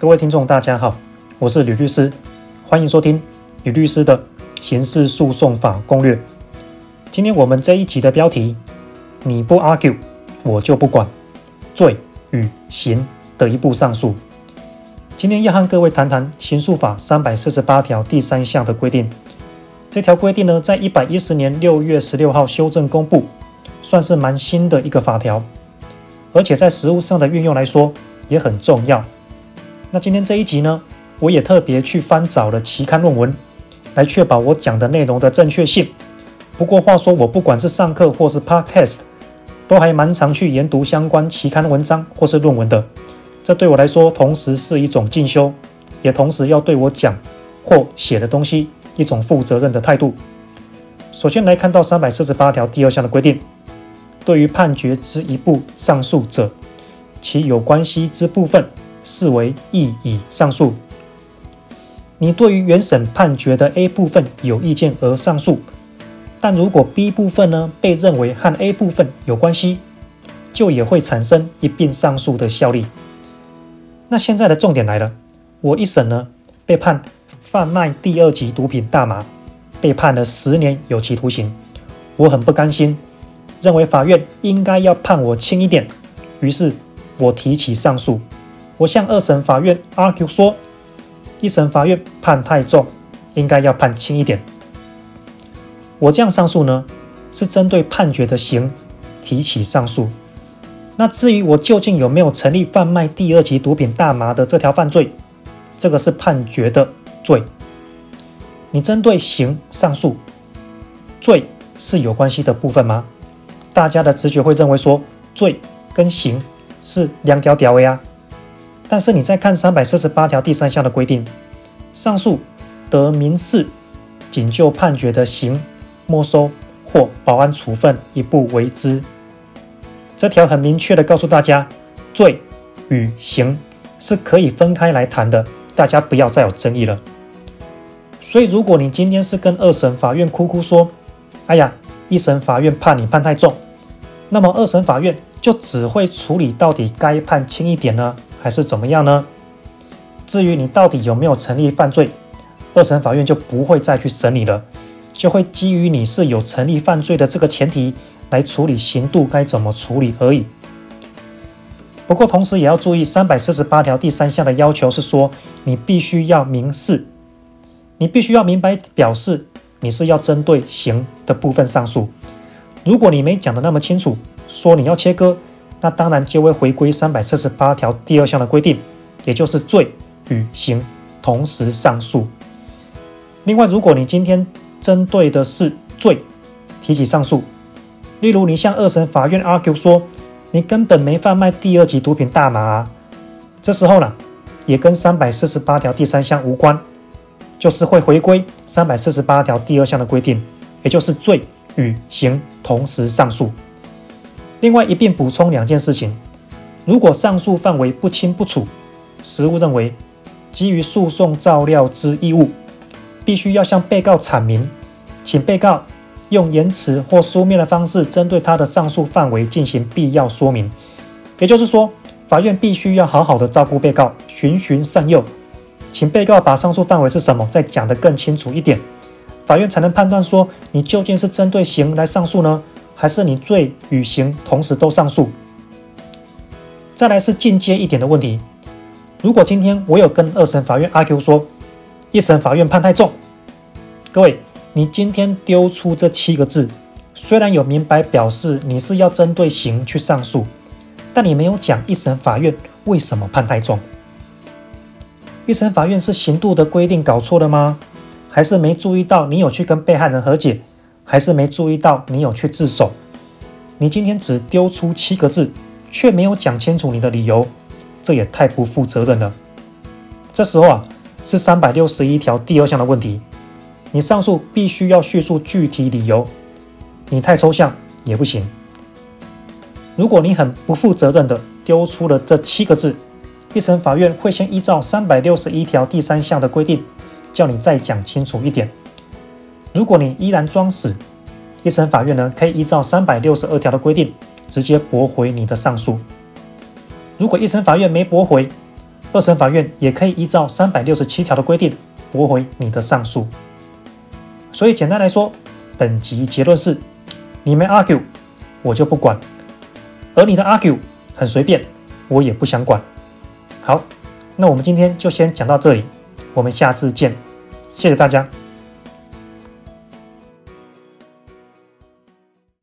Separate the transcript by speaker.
Speaker 1: 各位聽眾，大家好，我是呂律師，歡迎收聽呂律師的《刑事訴訟法攻略》。今天我們這一集的標題：你不 argue，我就不管罪與刑的一部上訴。今天要和各位談談《刑訴法》三百四十八條第三項的規定。這條規定呢，在一百一十年六月十六號修正公布，算是蠻新的一個法條，而且在實務上的運用來說也很重要。那今天這一集呢，我也特別去翻找了期刊論文，來確保我講的內容的正確性。不過話說，我不管是上課或是 podcast，都還蠻常去研讀相關期刊文章或是論文的。這對我來說，同時是一種進修，也同時要對我講或寫的東西一種負責任的態度。首先來看到三百四十八條第二項的規定，對於判決之一部上訴者，其有關係之部分。視為亦已上訴。你對於原審判決的 A 部分有意見而上訴，但如果 B 部分呢，被認為和 A 部分有關係，就也會產生一併上訴的效力。那現在的重點來了，我一審呢被判販賣第二級毒品大麻，被判了十年有期徒刑，我很不甘心，認為法院應該要判我輕一點，於是我提起上訴。我向二審法院 argue 說，一審法院判太重，應該要判輕一點。我這樣上訴呢，是針對判決的刑提起上訴。那至於我究竟有沒有成立販賣第二級毒品大麻的這條犯罪，這個是判決的罪。你針對刑上訴，罪是有關係的部分嗎？大家的直覺會認為說，罪跟刑是兩條條啊。但是你再看三百四十八條第三項的規定，上訴得明示，僅就判決的刑、沒收或保安處分一部為之。這條很明確的告訴大家，罪與刑是可以分開來談的，大家不要再有爭議了。所以，如果你今天是跟二審法院哭哭說：“哎呀，一審法院判你判太重”，那麼二審法院就只會處理到底該判輕一點呢，還是怎麼樣呢？至於你到底有沒有成立犯罪，二審法院就不會再去審理了，就會基於你是有成立犯罪的這個前提來處理刑度該怎麼處理而已。不過同時也要注意，三百四十八條第三項的要求是說，你必須要明示，你必須要明白表示你是要針對刑的部分上訴。如果你沒講得那麼清楚，說你要切割。那當然就會回歸三百四十八條第二項的規定，也就是罪與刑同時上訴。另外，如果你今天針對的是罪提起上訴，例如你向二審法院 argue 說你根本沒販賣第二級毒品大麻啊，這時候呢也跟三百四十八條第三項無關，就是會回歸三百四十八條第二項的規定，也就是罪與刑同時上訴。另外一併補充兩件事情：如果上訴範圍不清不楚，實務認為，基於訴訟照料之義務，必須要向被告闡明，請被告用言辭或書面的方式，針對他的上訴範圍進行必要說明。也就是說，法院必須要好好的照顧被告，循循善誘，請被告把上訴範圍是什麼再講得更清楚一點，法院才能判斷說你究竟是針對刑來上訴呢？還是你罪與刑同時都上訴？再來是進階一點的問題：如果今天我有跟二審法院阿 Q 說，一審法院判太重，各位，你今天丟出這七個字，雖然有明白表示你是要針對刑去上訴，但你沒有講一審法院為什麼判太重？一審法院是刑度的規定搞錯了嗎？還是沒注意到你有去跟被害人和解？還是沒注意到你有去自首。你今天只丟出七個字，却沒有講清楚你的理由，這也太不負責任了。這時候啊，是三百六十一條第二項的問題。你上訴必須要敘述具體理由，你太抽象也不行。如果你很不負責任的丟出了這七個字，一審法院會先依照三百六十一條第三項的規定，叫你再講清楚一點。如果你依然裝死，一審法院呢可以依照三百六十二條的規定直接駁回你的上訴；如果一審法院沒駁回，二審法院也可以依照三百六十七條的規定駁回你的上訴。所以簡單來說，本集結論是：你沒 argue，我就不管；而你的 argue 很隨便，我也不想管。好，那我們今天就先講到這裡，我們下次見，謝謝大家。